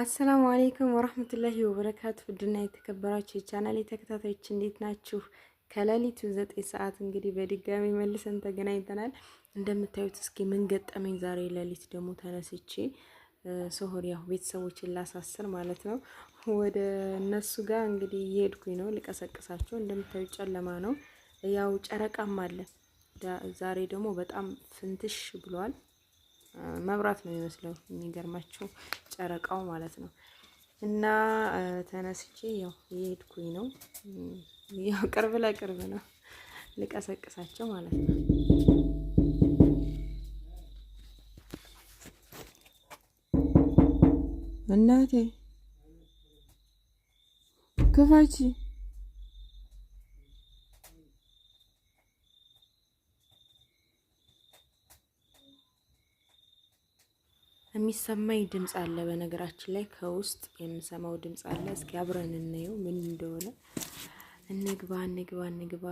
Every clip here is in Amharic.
አሰላሙ አሌይኩም ወረህመቱላሂ ወበረካቱ ውድና የተከበራችሁ የቻናል ተከታታዮች እንዴት ናችሁ? ከሌሊቱ ዘጠኝ ሰዓት እንግዲህ በድጋሚ መልሰን ተገናኝተናል። እንደምታዩት እስኪ ምን ገጠመኝ ዛሬ ሌሊት ደግሞ ተነስቼ ሶሆር ያው ቤተሰቦችን ላሳስር ማለት ነው። ወደ እነሱ ጋር እንግዲህ እየሄድኩኝ ነው ልቀሰቅሳቸው። እንደምታዩ ጨለማ ነው፣ ያው ጨረቃም አለ። ዛሬ ደግሞ በጣም ፍንትሽ ብሏል። መብራት ነው የሚመስለው የሚገርማቸው ጨረቃው ማለት ነው። እና ተነስቼ ያው የሄድኩኝ ነው። ያው ቅርብ ለቅርብ ነው ልቀሰቅሳቸው ማለት ነው። እናቴ ክፋቺ የሚሰማኝ ድምፅ አለ። በነገራችን ላይ ከውስጥ የምሰማው ድምፅ አለ። እስኪ አብረን እናየው ምን እንደሆነ። እንግባ እንግባ እንግባ።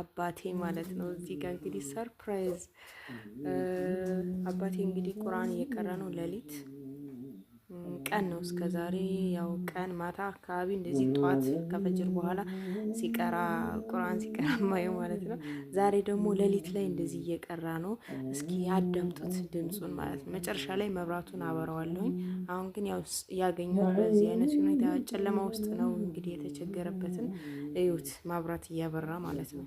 አባቴ ማለት ነው። እዚህ ጋር እንግዲህ ሰርፕራይዝ አባቴ እንግዲህ ቁርአን እየቀረ ነው ሌሊት ቀን ነው እስከ ዛሬ ያው ቀን ማታ አካባቢ እንደዚህ ጠዋት ከፈጅር በኋላ ሲቀራ ቁርአን ሲቀራ ማየው ማለት ነው። ዛሬ ደግሞ ሌሊት ላይ እንደዚህ እየቀራ ነው። እስኪ ያዳምጡት ድምፁን ማለት ነው። መጨረሻ ላይ መብራቱን አበረዋለሁኝ። አሁን ግን ያው ያገኘው በዚህ አይነት ሁኔታ ጨለማ ውስጥ ነው እንግዲህ የተቸገረበትን እዩት። ማብራት እያበራ ማለት ነው።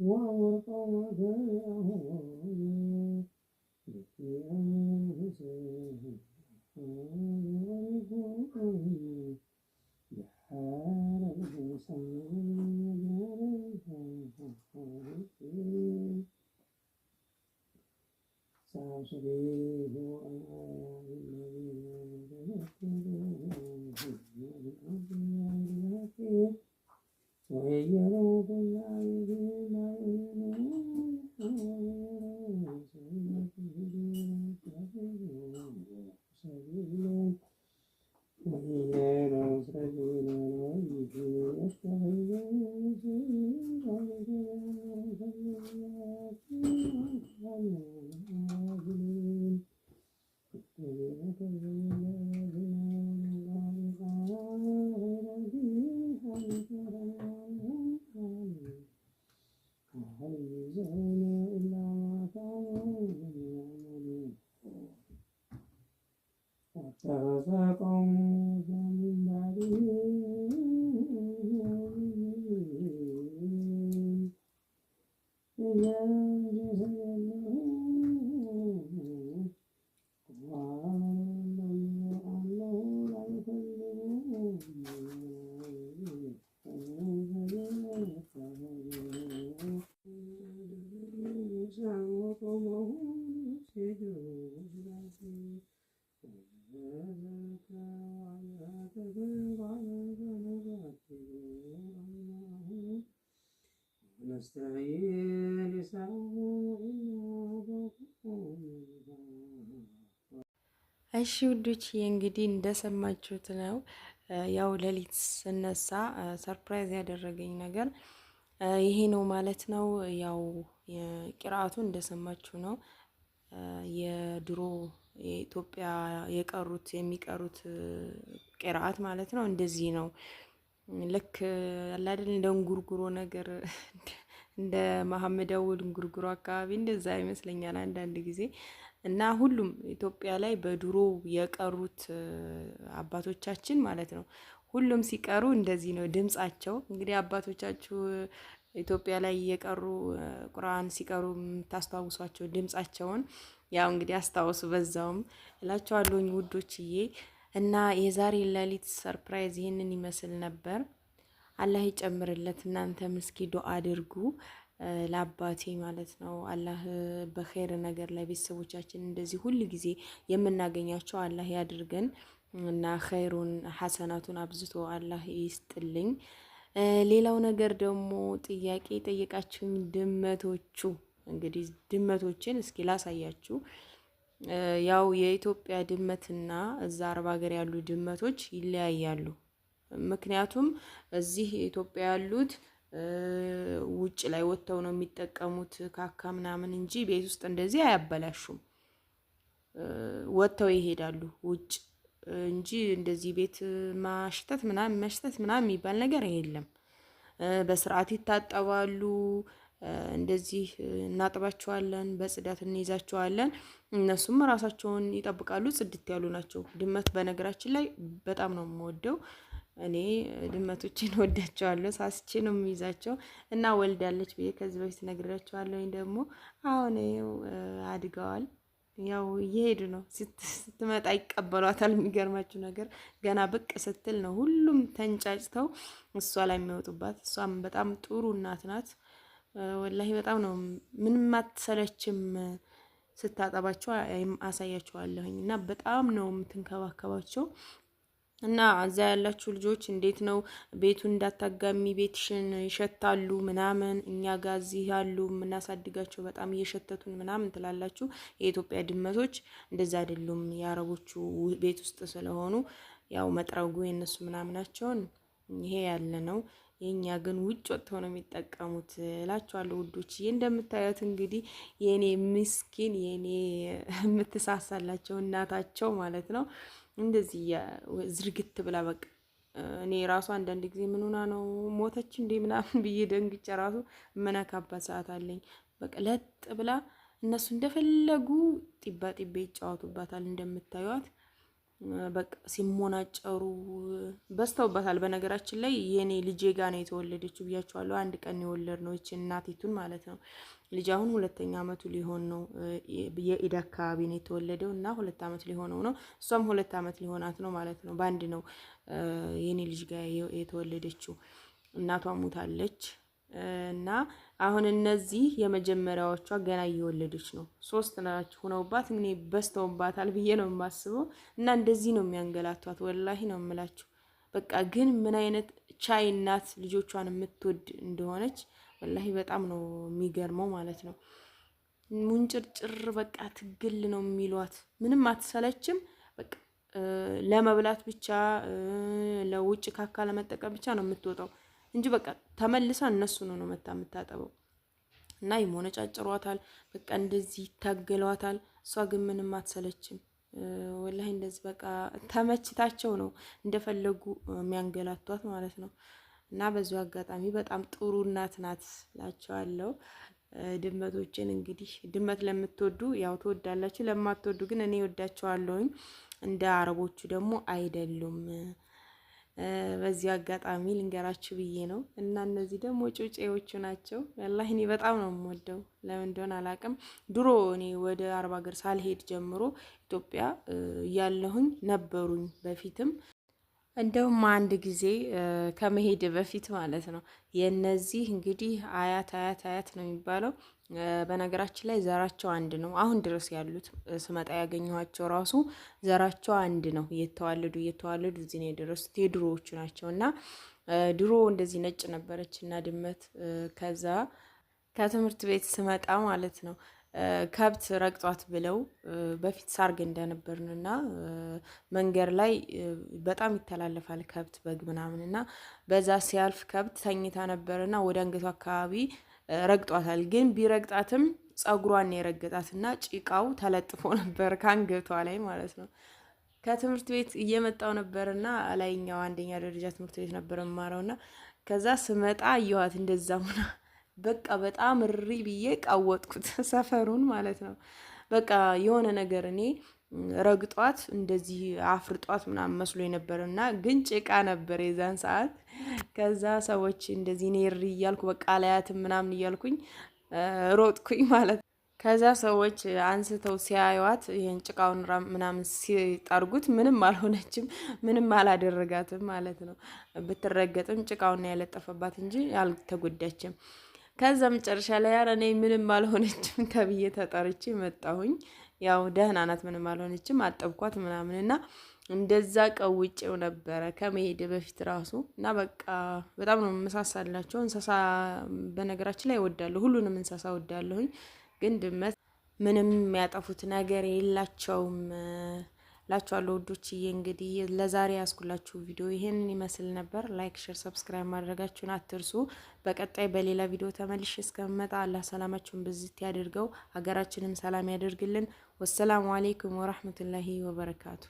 وألقوا يجزون إلا ما كانوا يعملون واتخذ قوم እሺ ውዶች እንግዲህ እንደሰማችሁት ነው። ያው ሌሊት ስነሳ ሰርፕራይዝ ያደረገኝ ነገር ይሄ ነው ማለት ነው። ያው ቅርአቱ እንደሰማችሁ ነው። የድሮ የኢትዮጵያ የቀሩት የሚቀሩት ቅርአት ማለት ነው። እንደዚህ ነው ልክ አላደል እንደ እንጉርጉሮ ነገር እንደ መሐመድ አወል እንጉርጉሮ አካባቢ እንደዛ ይመስለኛል አንዳንድ ጊዜ እና ሁሉም ኢትዮጵያ ላይ በድሮ የቀሩት አባቶቻችን ማለት ነው። ሁሉም ሲቀሩ እንደዚህ ነው ድምጻቸው። እንግዲህ አባቶቻችሁ ኢትዮጵያ ላይ የቀሩ ቁርአን ሲቀሩ የምታስተዋውሷቸው ድምጻቸውን ያው እንግዲህ አስታውሱ። በዛውም እላቸዋለሁኝ ውዶችዬ እና የዛሬ ሌሊት ሰርፕራይዝ ይህንን ይመስል ነበር። አላህ ይጨምርለት። እናንተ ምስኪ ዱአ አድርጉ ለአባቴ ማለት ነው። አላህ በኸይር ነገር ላይ ቤተሰቦቻችን እንደዚህ ሁል ጊዜ የምናገኛቸው አላህ ያድርገን እና ኸይሩን ሐሰናቱን አብዝቶ አላህ ይስጥልኝ። ሌላው ነገር ደግሞ ጥያቄ የጠየቃችሁኝ ድመቶቹ እንግዲህ ድመቶችን እስኪ ላሳያችሁ። ያው የኢትዮጵያ ድመትና እዛ አረብ ሀገር ያሉ ድመቶች ይለያያሉ። ምክንያቱም እዚህ ኢትዮጵያ ያሉት ውጭ ላይ ወጥተው ነው የሚጠቀሙት ካካ ምናምን እንጂ ቤት ውስጥ እንደዚህ አያበላሹም። ወጥተው ይሄዳሉ ውጭ እንጂ እንደዚህ ቤት ማሽተት ምናምን መሽተት ምናምን የሚባል ነገር የለም። በስርዓት ይታጠባሉ። እንደዚህ እናጥባቸዋለን፣ በጽዳት እንይዛቸዋለን። እነሱም ራሳቸውን ይጠብቃሉ። ጽድት ያሉ ናቸው። ድመት በነገራችን ላይ በጣም ነው የምወደው። እኔ ድመቶችን ወዳቸዋለሁ፣ ሳስቼ ነው የሚይዛቸው እና ወልዳለች ብዬ ከዚህ በፊት ነግሬያቸዋለሁ። ወይም ደግሞ አሁን አድገዋል፣ ያው እየሄዱ ነው። ስትመጣ ይቀበሏታል። የሚገርማችሁ ነገር ገና ብቅ ስትል ነው ሁሉም ተንጫጭተው እሷ ላይ የሚወጡባት። እሷም በጣም ጥሩ እናት ናት። ወላሂ በጣም ነው ምንም አትሰለችም። ስታጠባቸው አሳያቸዋለሁኝ እና በጣም ነው የምትንከባከባቸው። እና እዛ ያላችሁ ልጆች እንዴት ነው ቤቱ እንዳታጋሚ፣ ቤትሽን ይሸታሉ ምናምን። እኛ ጋር እዚህ ያሉ የምናሳድጋቸው በጣም እየሸተቱን ምናምን ትላላችሁ። የኢትዮጵያ ድመቶች እንደዛ አይደሉም። የአረቦቹ ቤት ውስጥ ስለሆኑ ያው መጥረጉ የእነሱ ምናምናቸውን ይሄ ያለ ነው። የእኛ ግን ውጭ ወጥተው ነው የሚጠቀሙት እላችኋለሁ ውዶች። ይህ እንደምታዩት እንግዲህ የእኔ ምስኪን የእኔ የምትሳሳላቸው እናታቸው ማለት ነው እንደዚህ ዝርግት ብላ በቃ እኔ ራሱ አንዳንድ ጊዜ ምንሆና ነው ሞተች እንዴ ምናምን ብዬ ደንግጬ ራሱ መነካባት ሰዓት አለኝ። በቃ ለጥ ብላ እነሱ እንደፈለጉ ጢባ ጢቤ ይጫወቱባታል። እንደምታዩት በቃ ሲሞናጨሩ በስተውባታል። በነገራችን ላይ የኔ ልጄ ጋ ነው የተወለደችው ብያችኋለሁ። አንድ ቀን የወለድ ነው ይቺ እናቲቱን ማለት ነው። ልጅ አሁን ሁለተኛ አመቱ ሊሆን ነው። የኢድ አካባቢ ነው የተወለደው እና ሁለት አመት ሊሆነው ነው። እሷም ሁለት አመት ሊሆናት ነው ማለት ነው። በአንድ ነው የኔ ልጅ ጋር የተወለደችው። እናቷ ሙታለች እና አሁን እነዚህ የመጀመሪያዎቿ ገና እየወለደች ነው። ሶስት ናች ሁነውባት እኔ በስተውባታል ብዬ ነው የማስበው። እና እንደዚህ ነው የሚያንገላቷት። ወላሂ ነው የምላችሁ። በቃ ግን ምን አይነት ቻይ እናት ልጆቿን የምትወድ እንደሆነች ወላሂ በጣም ነው የሚገርመው ማለት ነው። ሙንጭርጭር በቃ ትግል ነው የሚሏት ምንም አትሰለችም። በቃ ለመብላት ብቻ ለውጭ ካካ ለመጠቀም ብቻ ነው የምትወጣው እንጂ በቃ ተመልሳ እነሱ ነው ነው መታ የምታጠበው እና ይሞነጫጭሯታል። በቃ እንደዚህ ይታገሏታል። እሷ ግን ምንም አትሰለችም። ወላሂ እንደዚህ በቃ ተመችታቸው ነው እንደፈለጉ የሚያንገላቷት ማለት ነው። እና በዚሁ አጋጣሚ በጣም ጥሩ እናት ናት ላቸዋለሁ። ድመቶችን እንግዲህ ድመት ለምትወዱ ያው ትወዳላችሁ፣ ለማትወዱ ግን እኔ ወዳቸዋለሁኝ። እንደ አረቦቹ ደግሞ አይደሉም። በዚሁ አጋጣሚ ልንገራችሁ ብዬ ነው። እና እነዚህ ደግሞ ጩጬዎቹ ናቸው። ያላህ እኔ በጣም ነው የምወደው፣ ለምን እንደሆነ አላውቅም። ድሮ እኔ ወደ አረብ ሀገር ሳልሄድ ጀምሮ ኢትዮጵያ እያለሁኝ ነበሩኝ በፊትም እንደውም አንድ ጊዜ ከመሄድ በፊት ማለት ነው የነዚህ እንግዲህ አያት አያት አያት ነው የሚባለው። በነገራችን ላይ ዘራቸው አንድ ነው። አሁን ድረስ ያሉት ስመጣ ያገኘኋቸው ራሱ ዘራቸው አንድ ነው። እየተዋለዱ እየተዋለዱ እዚህ ነው የደረሱት። የድሮዎቹ ናቸው እና ድሮ እንደዚህ ነጭ ነበረች እና ድመት ከዛ ከትምህርት ቤት ስመጣ ማለት ነው ከብት ረግጧት ብለው በፊት ሳርግ እንደነበርን እና መንገድ ላይ በጣም ይተላለፋል ከብት በግ ምናምን እና በዛ ሲያልፍ ከብት ተኝታ ነበር እና ወደ አንገቱ አካባቢ ረግጧታል። ግን ቢረግጣትም ጸጉሯን እና ጭቃው ተለጥፎ ነበር ከአንገቷ ላይ ማለት ነው። ከትምህርት ቤት እየመጣው ነበር እና ላይኛው አንደኛ ደረጃ ትምህርት ቤት ነበር የማረው የማረውና ከዛ ስመጣ አየኋት እንደዛ ሁና በቃ በጣም እሪ ብዬ ቃወጥኩት ሰፈሩን ማለት ነው። በቃ የሆነ ነገር እኔ ረግጧት እንደዚህ አፍርጧት ምናምን መስሎ የነበረ እና ግን ጭቃ ነበር የዛን ሰዓት። ከዛ ሰዎች እንደዚህ እኔ እሪ እያልኩ በቃ አላያትም ምናምን እያልኩኝ ሮጥኩኝ ማለት ነው። ከዛ ሰዎች አንስተው ሲያዩዋት ይህን ጭቃውን ምናምን ሲጠርጉት ምንም አልሆነችም፣ ምንም አላደረጋትም ማለት ነው። ብትረገጥም ጭቃውን ያለጠፈባት እንጂ አልተጎዳችም። ከዛ መጨረሻ ላይ ያረ እኔ ምንም አልሆነችም ተብዬ ተጠርቼ መጣሁኝ። ያው ደህና ናት፣ ምንም አልሆነችም፣ አጠብኳት ምናምን እና እንደዛ ቀውጬው ነበረ ከመሄድ በፊት ራሱ እና በቃ በጣም ነው የምሳሳላቸው። እንስሳ በነገራችን ላይ እወዳለሁ፣ ሁሉንም እንስሳ እወዳለሁኝ። ግን ድመት ምንም የሚያጠፉት ነገር የላቸውም። ላችኋለሁ ውዶችዬ። እንግዲህ ለዛሬ ያስኩላችሁ ቪዲዮ ይህንን ይመስል ነበር። ላይክ፣ ሼር፣ ሰብስክራይብ ማድረጋችሁን አትርሱ። በቀጣይ በሌላ ቪዲዮ ተመልሼ እስከምመጣ አላህ ሰላማችሁን ብዝት ያድርገው፣ ሀገራችንም ሰላም ያደርግልን። ወሰላሙ አሌይኩም ወራህመቱላሂ ወበረካቱ